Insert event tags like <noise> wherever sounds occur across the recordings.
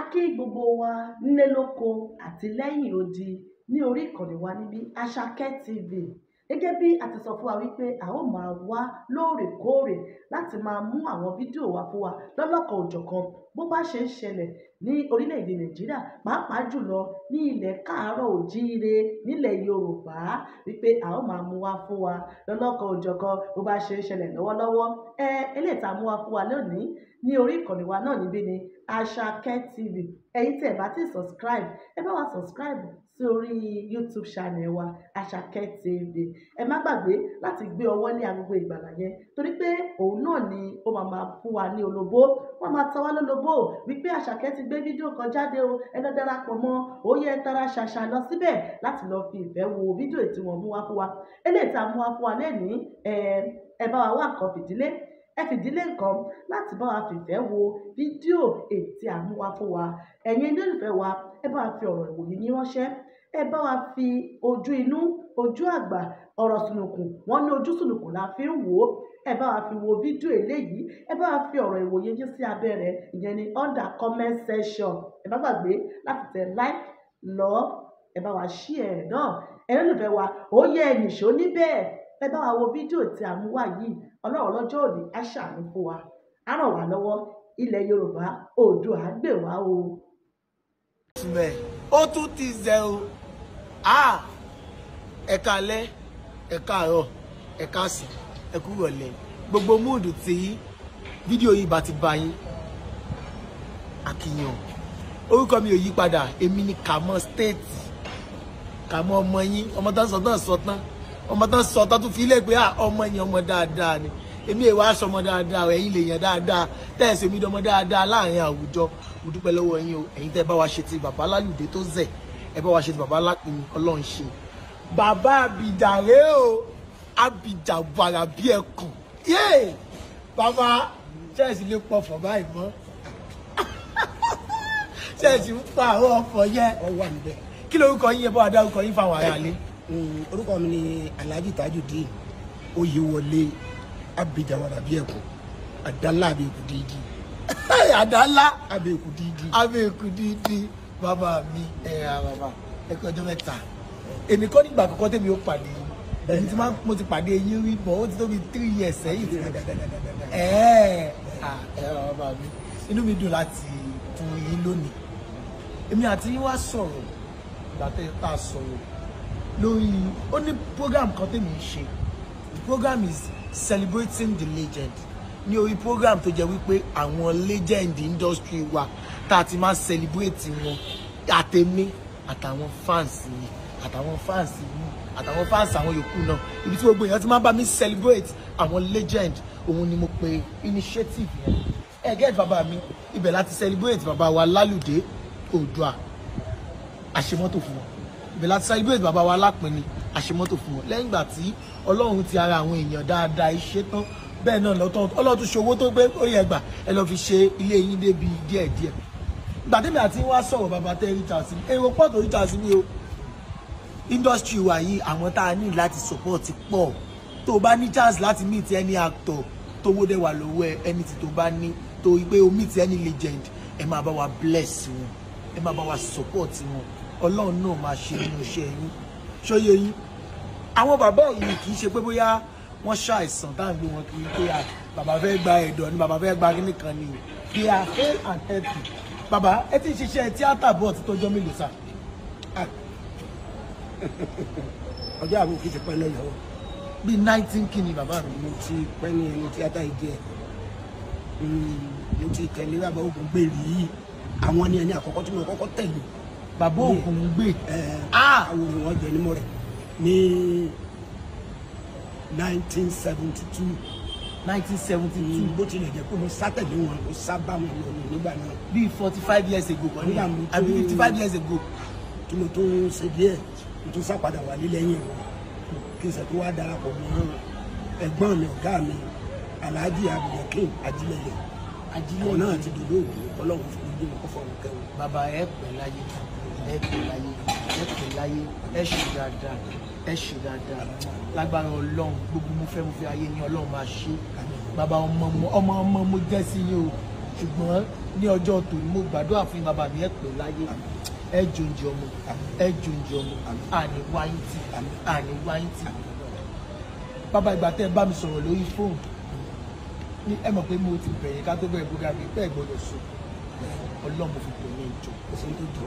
a kí gbogbo wa nílé lóko àti lẹ́yìn odi ní orí ìkànnì wa níbí Àṣàkẹ́ TV gẹ́gẹ́ bí a ti sọ fún wa wípé a ó máa wá lóòrèkóòrè láti máa mú àwọn fídíò wa fún wa lọ́lọ́kan bó bá ṣe ń ṣẹlẹ̀ ní orílẹ̀-èdè nàìjíríà pàápàá jùlọ ní ilẹ̀ káàárọ̀ òjíire nílẹ̀ yorùbá wípé a ó máa mú wá fún wa lọ́lọ́kan òjọ̀kan bó bá ṣe ń ṣẹlẹ̀ lọ́wọ́lọ́wọ́ ẹ eléyìí tá a mú wá fún wa lónìí ní orí ìkànnì wa náà níbí ni Àṣàkẹ́ TV ẹ̀yin tí ẹ bá ti subscribe ẹ bá wa subscribe sí orí YouTube channel wa Àṣàkẹ́ TV ẹ má gbàgbé láti gbé ọwọ́ ní agogo ìgbàlà yẹn torí pé òun náà ni ó máa máa fún wa ní olóbó wọ́n máa tọ́ wá lólobó wípé Àṣàkẹ́ ti gbé fídíò kan jáde o ẹ lọ darapọ̀ mọ́ ó tara ṣàṣà lọ síbẹ̀ láti lọ fi ìfẹ́ wo fídíò tí wọ́n mú wá fún wa eléyìí tá a mú wá fún wa lẹ́nìí ẹ bá wa wá nǹkan fìdílé ẹ fìdílé nǹkan láti bá wa fìfẹ́ wo fídíò èyí tí a mú wá fún wa ẹ̀yin olólùfẹ́ wa ẹ bá wa fi ọ̀rọ̀ ìwòye yín ránṣẹ́ ẹ bá wa fi ojú inú ojú àgbà ọ̀rọ̀ sùnùkùn wọ́n ní ojú sùnùkùn la fi ń wò ó ẹ bá wa fi wo fídíò eléyìí ẹ bá wa fi ọ̀rọ̀ ìwòye yín sí abẹ́ ìyẹn ní under comment section ẹ bá gbàgbé láti tẹ like love ẹ bá wa share ẹ̀ náà ẹ lólùfẹ́ wa ó yẹ ẹ̀yìn ṣó ní ẹ bá wa wo fídíò tí a mú wá yìí ọlọ́run lọ́jọ́ òní á ṣàánú fún wa á ràn wá lọ́wọ́ ilẹ̀ yorùbá oòdùà gbè o. ó tún ti zẹ o ah ẹ̀ka alẹ́ ẹ̀ka àárọ̀ ẹ̀ka àsìn ẹ̀kú rọ̀lẹ́ gbogbo múùdù tí fídíò yìí bá ti bá yín àkìyàn orúkọ mi ò yí padà èmi ni kàmọ́ state kàmọ́ ọmọ yín ọmọ tán sọ tán sọ tán ọmọ tán sọ tán tún fi ilé pé ọmọ yín ọmọ dáadáa ni èmi èèwà aṣọ ọmọ dáadáa ẹ̀yin lè yàn dáadáa tẹ̀sí omi dọmọ dáadáa láàrin àwùjọ mo lọ́wọ́ yín o ẹ̀yin tẹ́ bá wa ṣe ti bàbá lálùdé tó zẹ̀ ẹ bá wa ṣe bàbá Alápinmi ọlọ́run ṣe bàbá àbìjà rèé o àbìjà bàrà bí ẹkùn yéè bàbá ṣẹ́ẹ̀sì lè pọ̀ fọ̀ báyìí mọ́ <laughs> ṣẹ́ẹ̀sì ń pa àwọn ọkọ̀ yẹn ọwọ́ àmì kí lórúkọ yín yẹn bá wa dárúkọ yín fáwọn aráalé. Um, orúkọ mi ni Alhaji Tajudeen Oyewole Abija Warabiẹkọ Adala Abeku Didi. Adala Abeku Didi. Abeku Didi bàbá mi ẹ̀yà bàbá ẹ̀kọ́ ọjọ́ mẹ́ta èmi kọ́ nígbà àkọ́kọ́ tèmi ó pàdé èmi tí mo ti pàdé eyín rí bọ̀ ó ti tó three years sẹ́yìn tí mo ẹ̀ẹ́ ẹ̀yà bàbá mi inú mi dùn láti fún yín lónìí èmi àti yín wá sọ̀rọ̀ ìgbà tẹ́ ta sọ̀rọ̀ lórí ó ní program kan tèmi ń ṣe the program is celebrating the legend ní orí program tó jẹ́ wípé àwọn legend industry wa tá a ti máa celebrate wọn àtẹ̀mí àtàwọn fans mi àtàwọn fans mi àtàwọn fans àwọn yoku náà ibi tí gbogbo èèyàn ti máa bá mi celebrate àwọn legend òun ni mo pe initiative yẹn ẹ gẹ́gẹ́ bàbá mi ibẹ̀ láti celebrate bàbá wa lálùdé odua àṣemọ́tò fún wọn ibẹ̀ láti celebrate bàbá wa lápẹ́ni àṣemọ́tò fún wọn lẹ́yìn ìgbà tí ọlọ́run ti ara àwọn èèyàn dáadáa iṣẹ́ tán bẹ́ẹ̀ náà lọ́tọ́ ọlọ́tún ṣòwò tó gbé ó yẹ gbà ẹ lọ́ọ́ fi ṣe ilé yín débi díẹ̀díẹ̀ gbàdémi àti wá sọ̀rọ̀ bàbá tẹ́ rí chasi èrò pọ̀ tó rí chasi mi o industry wa yìí àwọn tá a ní láti support pọ̀ tó o bá ní chance láti meet any actor tó wó dẹ̀ wà lọ́wọ́ ẹ ẹni tí tó bá ní tó o o meet any legend ẹ máa bá wa bless wọn ẹ máa bá wa support wọn ọlọ́run náà máa ṣe nínú iṣẹ́ yín ṣóyè yín àwọn bàbá yìí kì í ṣe pé bóyá wọ́n ṣàìsàn tá à ń gbé wọn kiri pé bàbá fẹ́ gba ẹ̀dọ̀ ni bàbá fẹ́ gba kíní kan ni they are hell and healthy baba ẹ ti ń ṣiṣẹ́ tíátà bọ̀ ti tọjọ́ mélòó sá. Ah. <laughs> ọjọ́ àbò kì í ti pẹ́ lẹ́yìn ọwọ́. bíi nineteen kìíní bàbá mi. mo ti pẹ́ ní ẹnu tíátà yìí díẹ̀ hmm, mo ti tẹ̀lé bàbá ògùn gbé rí àwọn ni ẹni àkọ́kọ́ tí mo kọ́kọ́ tẹ̀lé. bàbá ògùn gbé. Ah! àwọn ògùn ọjọ́ ẹni mọ́ rẹ̀ ní nineteen seventy two. 1972 bó tilẹ̀ jẹ́ pé mo sátẹ̀lé wọn mo sábà wọn lọ nígbà náà. bíi forty five years ago kọ́ni àbí fifty five years ago. kí ló tó ṣe díẹ̀ mo tún sàpadà wà nílẹ̀yìn wọn kí n sọ pé wàá darapọ̀ mọ́ ẹ̀gbọ́n mi ọ̀gá mi alhaji abdulhakeem ajílẹ̀lẹ̀ ajílẹ̀lẹ̀ náà ti dòdò òwò ọlọ́run fún mi bí mo kọ́ fọ́ọ̀mù kẹwọn. bàbá ẹ pẹ̀lú ayé kan ẹ kù láyé ẹ kù láyé ẹ ṣe dáadáa ẹ ṣe dáadáa lágbára ọlọ́run gbogbo mo fẹ́ mo fẹ́ ayé ní ọlọ́run máa ṣe bàbá ọmọ ọmọ ọmọ mo jẹ́ sí yín o ṣùgbọ́n ní ọjọ́ tòní mo gbàdúrà fún bàbá mi ẹ pè láyé ẹ jòǹjì ọmọ ẹ jòǹjì ọmọ àní wáyé tì àní wáyé tì bàbá ìgbà tẹ́ ẹ bá mi sọ̀rọ̀ lórí fóònù ẹ mọ̀ pé mo ti bẹ̀yìn ká tó bẹ̀rẹ̀ bóga mi bẹ́ẹ̀ gbọ́dọ̀ sùn ọlọ́run fi pè ní ìjọ kò sí tó jọ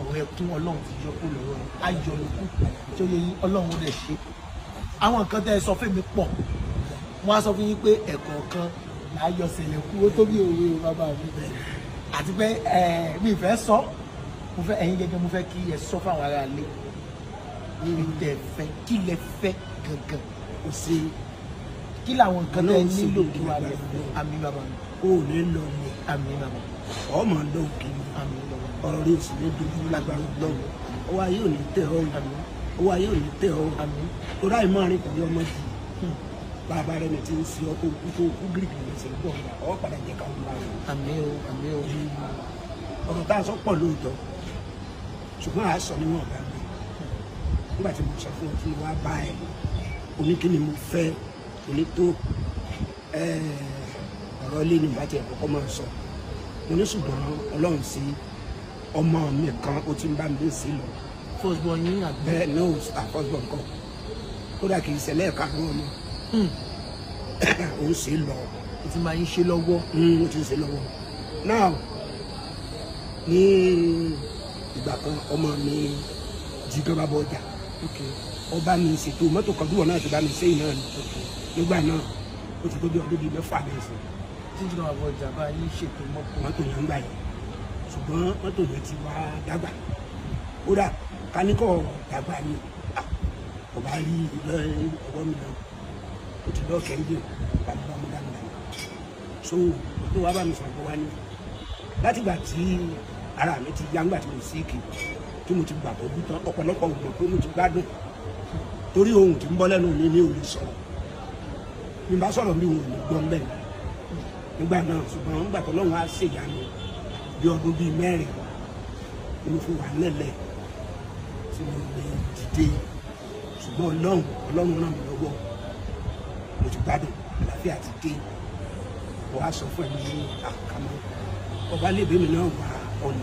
ọ̀rọ̀ ẹkún ọlọ́run ti yọ kó lọ́rọ̀ ayọ̀ ló kù tí ó yẹ yín ọlọ́run ó dẹ̀ ṣe àwọn nǹkan tẹ́ ẹ sọ fún mi pọ̀ wọ́n á sọ fún yín pé ẹ̀kọ́ kan láyọ̀ ṣẹlẹ̀ kú ó tó bí òwe bàbá mi àti pé mi fẹ́ sọ mo fẹ́ ẹ̀yin gẹ́gẹ́ mo fẹ́ kí ẹ sọ fáwọn ará ilé mi tẹ̀ fẹ́ kí lẹ fẹ́ gangan kò sí kí làwọn nǹkan tẹ́ nílò kí wàá lọ àmì bàbá mi ò ní lọ ní àmì bàbá mi ọmọ lóhùn kìíní ọ̀rọ̀ rí òsì ní dúdú lágbára lọ́wọ́ ọwọ́ ayé ò ní tẹ̀ ọ́ ọwọ́ ayé ò ní tẹ̀ ọ́ torí àìmọ́ àárín pẹ̀lú ọmọ yìí hmm. bàbá rẹ ní ti ń fi ọkọ òkú tó kú gírígì ní ìṣẹ̀lẹ̀ padà jẹ́ ká wúra rẹ̀. o o. Hmm. ọ̀rọ̀ tá a sọ pọ̀ lóòótọ́ ṣùgbọ́n àá sọ níwọ̀n ọ̀gá mi nígbà tí mo sọ fún ọ tí mo wá bá ẹ oníkíni mo fẹ́ onító ọ̀rọ̀ ilé ni bàtẹ́ mo ní ṣùgbọ́n ọlọ́run sí ọmọ mi kan ó ti ń bá mi lé sí lọ. fọsbọn yín àgbẹ̀. bẹ́ẹ̀ ní òun àfọsbọn kan kódà kì í ṣẹlẹ̀ ẹ̀ka àwọn ọmọ òun hmm. sì lọ. o ti máa ń ṣe lọ́wọ́. o hmm, ti ń ṣe lọ́wọ́. now ní ìgbà kan ọmọ mi jí gan bá bọ ọjà ó bá mi ṣètò mọ́tò kan bí wọn náà ti bá mi ṣe ìnáà nígbà náà ó ti tó bí ọdún bíi mẹ́fà bẹ́ẹ̀ sọ gómìnà àwọn ìjàmbá yìí ṣètò mọ́tò. mọ́tò yẹn ń gbà yìí ṣùgbọ́n mọ́tò yẹn ti wá dàgbà kódà káníkọ̀ dàgbà ni ọba rí ilé ọwọ́ mi náà ó ti lọ́ọ́ kẹ́ńdé bàbá mi dáadáa so tó wàá bá mi sọ̀rọ̀ wá ní látìgbà tí ara mi ti yá ńgbà tí mo sì kì tí mo ti gbà bọ́dún tán ọ̀pọ̀lọpọ̀ ògbọ̀n pé mo ti gbádùn torí ohun tí ń bọ́ lẹ́nu mi ní òye sọ̀rọ̀ mi bá sọ̀rọ̀ mi ò ní gbọ́n bẹ́ẹ̀ nígbà náà ṣùgbọ́n nígbà tó lọ́hùn á ṣèyanu bí ọdún bíi mẹ́rin ló fi wà lẹ́lẹ̀ tí mo lè dìde ṣùgbọ́n ọlọ́run ọlọ́run ràn mí lọ́wọ́ mo ti gbádùn àlàáfíà ti dé wọ́n á sọ fún ẹ̀mí ní àkàmọ́ ọba lè bẹ́ẹ̀ mi náà wà ọ̀nà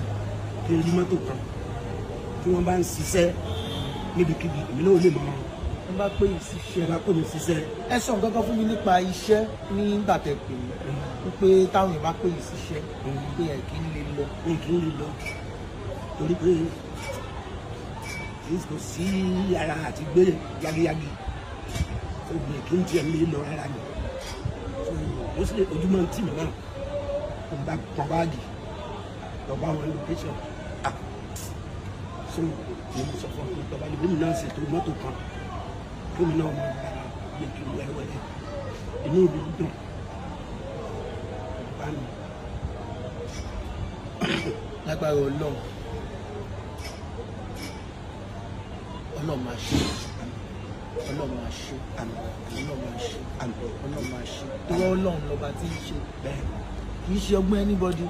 kí n rí mọ́tò kan tí wọ́n bá ń ṣiṣẹ́ níbikíbi èmi náà ò lè mọ̀ ọ́n n bá pè ìṣiṣẹ́. n bá pè ìṣiṣẹ́. ẹ sọ nǹkan kan fún mi nípa iṣẹ́ nígbà tẹ pè é mm-hmm. pé táwọn èèyàn bá pè ìṣiṣẹ́ mm-hmm. pé ẹ kì í lè lọ. ẹ kì í lè lọ torí pé kò sí ara àti gbé yagiyagi ògbìn kì í tiẹ̀ lè lọ rárá ni ó sì lè ojúmọ́ tì mí náà kò bá pọ̀ báàgì lọ́ba wọn lókẹ́sọ̀n ah! so èmi sọ fún ọ pé bàbá ìbí mi náà ṣètò mọ́tò kan gómìnà ọmọ ìgbàlá gbẹdú lágbára Ọlọ́run Ọlọ́run máa ṣe Ọlọ́run máa ṣe Ọlọ́run máa ṣe Ọlọ́run máa ṣe tọwọ Ọlọ́run lọba tí ń ṣe bẹ́ẹ̀ kì í ṣe ọgbọ́n anybody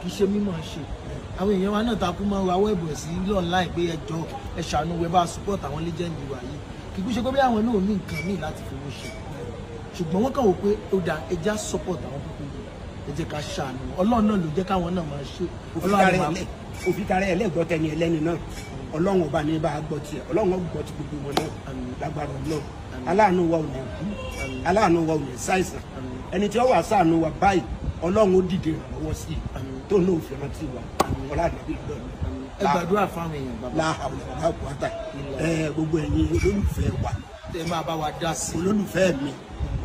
kì í ṣe mímọ̀ ṣe àwọn èèyàn wa náà takú máa ń rawọ́ ẹ̀bùn sí lọ́nà láì pé ẹjọ́ ẹ wẹ́ bá support àwọn legend wa yìí kìkú ṣe pé àwọn náà ní nǹkan míì láti fi owó ṣe ṣùgbọ́n wọ́n kàn wò pé ó dà ẹja support àwọn púpọ̀ ẹ ká ṣàánú ọlọ́run náà ló jẹ́ káwọn náà máa ṣe òfin kárẹ́ ẹlẹ́gbọ́ tẹni ẹlẹ́ni náà ọlọ́run ọba ní bá a gbọ́ tiẹ̀ ọlọ́run gbọ́ ti gbogbo wọn náà lágbára ọlọ́run aláàánú wa ò ní kú aláàánú wa ò ní ṣàìsàn ẹni tí ó wà ṣàánú wa báyìí ọlọ́run ó dìde ìrànlọ́wọ́ sí i tó náà ò fi rántí wa ọlọ́run àbí lọ́dọ̀ ẹ gbàdúrà fáwọn èèyàn bàbá láhàwọ̀ bàbá àkùátà ẹ gbogbo ẹ̀yin olólùfẹ́ wa ẹ máa bá wa dá sí olólùfẹ́ mi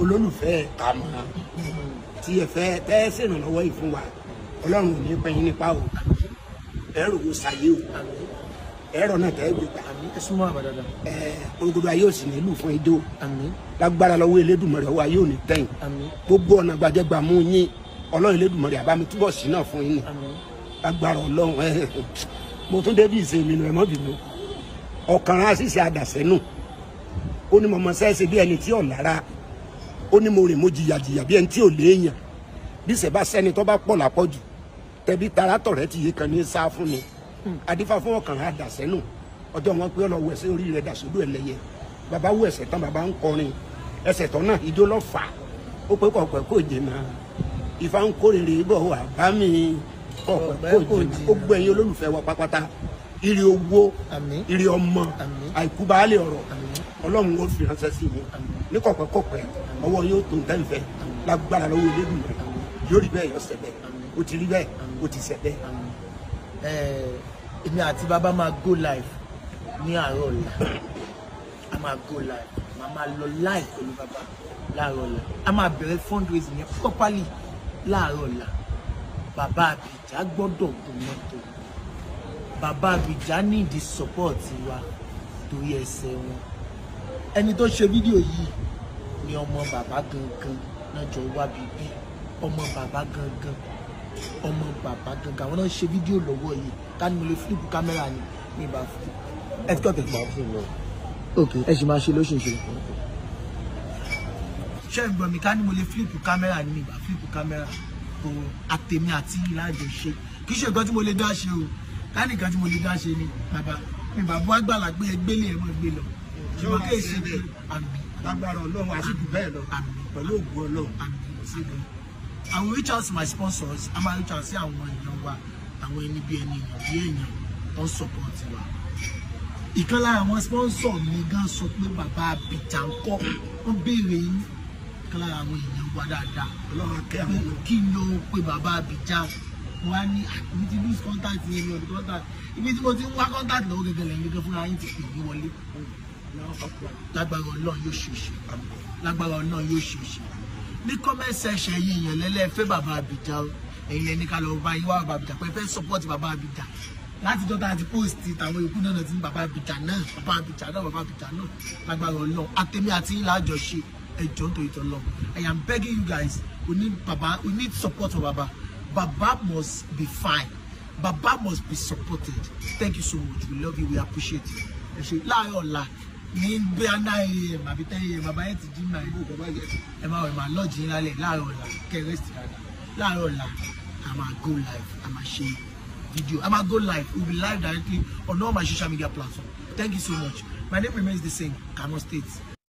olólùfẹ́ kàmá tí ẹ fẹ́ tẹ́ ẹ ṣèrànlọ́wọ́ yìí fún wa ọlọ́run ò ní pẹ́yìn nípa o ẹ rògbò sàyé o ẹ̀rọ náà tẹ́ gbé gbà. ẹ súnmọ́ àbàdàdà. ẹ olùgbòdò ayé òsì nílùú fún idó. lágbára lọ́wọ́ elédùnmọ̀rì ọwọ́ ayé òní tẹ̀yìn. gbogbo ọ̀nà gbàdégbà mú yín ọlọ́run elédùnmọ̀rì àbámi túbọ̀ sí náà fún yín. lágbára ọlọ́run ẹ mo tún débi ìsinmi nù ẹ mọ́ bínú ọ̀kànrán àṣìṣe àdàsẹ́nù ó ní mọ̀mọ́ sẹ́ẹ̀sì bí ẹni tí ò lára ó ní mo rìn mo jìyà jìyà bí ẹni tí ò léèyàn bí sẹ́bà sẹ́ni tó bá pọ̀ lápọ̀jù tẹ̀bí tara tọ̀rẹ́ ti yé kan ní sá fún ni adífá fún ọ̀kànrán àdàsẹ́nù ọjọ́ wọn pé ọlọ́wọ́ ẹsẹ̀ orí rẹ̀ dàsódò ẹlẹ́yẹ bàbá wọ ẹsẹ̀ tán bàbá ń kọrin ẹsẹ̀ tán náà ìjó lọ́fà ó pé kọ̀ọ̀kọ̀ kò jìnnà ìfà ń kórèrè bọ̀ wà bá mi kọ̀ọ̀kan ó gbọ́ ẹ̀yin olólùfẹ́ wa pátápátá ire owó ire ọmọ àìkú baálé ọ̀rọ̀ ọlọ́run ó fi ránṣẹ́ sí mi ní kọ̀pẹ́kọ̀pẹ́ ọwọ́ yóò tó nǹkan ìfẹ́ lágbára lọ́wọ́ elédùn rẹ̀ yóò rí bẹ́ẹ̀ yọ sẹ́bẹ̀ ó ti rí bẹ́ẹ̀ ó ti sẹ́bẹ̀. èmi àti bàbá máa go live ní àárọ̀ ọ̀la a máa go live màá máa lọ live pẹ̀lú bàbá láàárọ̀ ọ̀la a máa bẹ̀rẹ̀ fundraising yẹn properly láàárọ̀ ọ̀la bàbá Abija gbọ́dọ̀ gbóná tó bàbá Abija nídìí support wa torí ẹsẹ̀ wọn ẹni tó ṣe fídíò yìí ni ọmọ bàbá gangan náà jọ wá bíbí ọmọ bàbá gangan ọmọ bàbá gangan àwọn náà ṣe fídíò lọ́wọ́ yìí ká ní mo lè flip kámẹ́rà ni mi bá fi ẹ ti kọ́kẹ́. màá fún un lọ. ok ẹ sì máa ṣe lóṣooṣù. ṣé ìgbọ̀n mi ká ní mo lè flip kámẹ́rà ni mi bá flip kámẹ́rà bọ̀ àtèmi àti yín kì í ṣe nǹkan tí mo lè dá ṣe o ká nǹkan tí mo lè dá ṣe ni bàbá mi bàbá àgbàlá gbé ẹgbẹ́ lè mọ́ gbé lọ ṣùgbọ́n kí èsì bẹ́ẹ̀ àmì lágbára ọlọ́run àṣìkò bẹ́ẹ̀ lọ pẹ̀lú ògùn ọlọ́run àmì reach out to my sponsors a máa reach out sí àwọn èèyàn wa àwọn ẹni bí ẹni èèyàn bí èèyàn tó ń support wa ìkan lára àwọn sponsor mi gan sọ pé bàbá abidjan kọ́ wọ́n béèrè yín kan lára àwọn èèyàn wa dáadáa ọlọ́run kẹ́mi kí n lọ pé bàbá Abidjan wa ní àmì ah, ti lose contact yẹn mi ò contact ibi tí mo ti ń wá contact lọ́wọ́ gẹ́gẹ́ lẹ́yìn gẹ́gẹ́ fúnra yín ti pè mí wọlé lágbára ọlọ́run yóò ṣe òṣè lágbára ọlọ́run yóò ṣe òṣè ní comment section yìí èèyàn lẹ́lẹ́fẹ́ bàbá Abidjan ẹ̀yin lẹ́ni ká lọ bá yín wá bàbá Abidjan pé fẹ́ support bàbá Abidjan láti jọ tá a ti post tàwọn ikú náà ti ní bàbá Abidjan náà bàbá Abidjan náà bàbá Abidjan náà lágbára ọlọ́run àtẹ̀mí àti ńlá àjọṣe ẹjọ́ nítorí tó lọ I am begging you guys we need baba we need support for baba baba must be fine baba must be supported thank you so much we love you we appreciate you ẹ ṣe láàárọ̀ ọ̀la ní bíi nine am àbí ten am bàbá yẹn ti dín náà ibò bàbá yẹn ẹ máa wẹ̀ máa lọ́ọ̀jì yín lálẹ́ láàárọ̀ ọ̀la kẹrẹ́sì dáadáa láàárọ̀ ọ̀la a máa go live a máa ṣe video a máa go live we will be live directly on all my social media platforms thank you so much my name remains the same Kano State.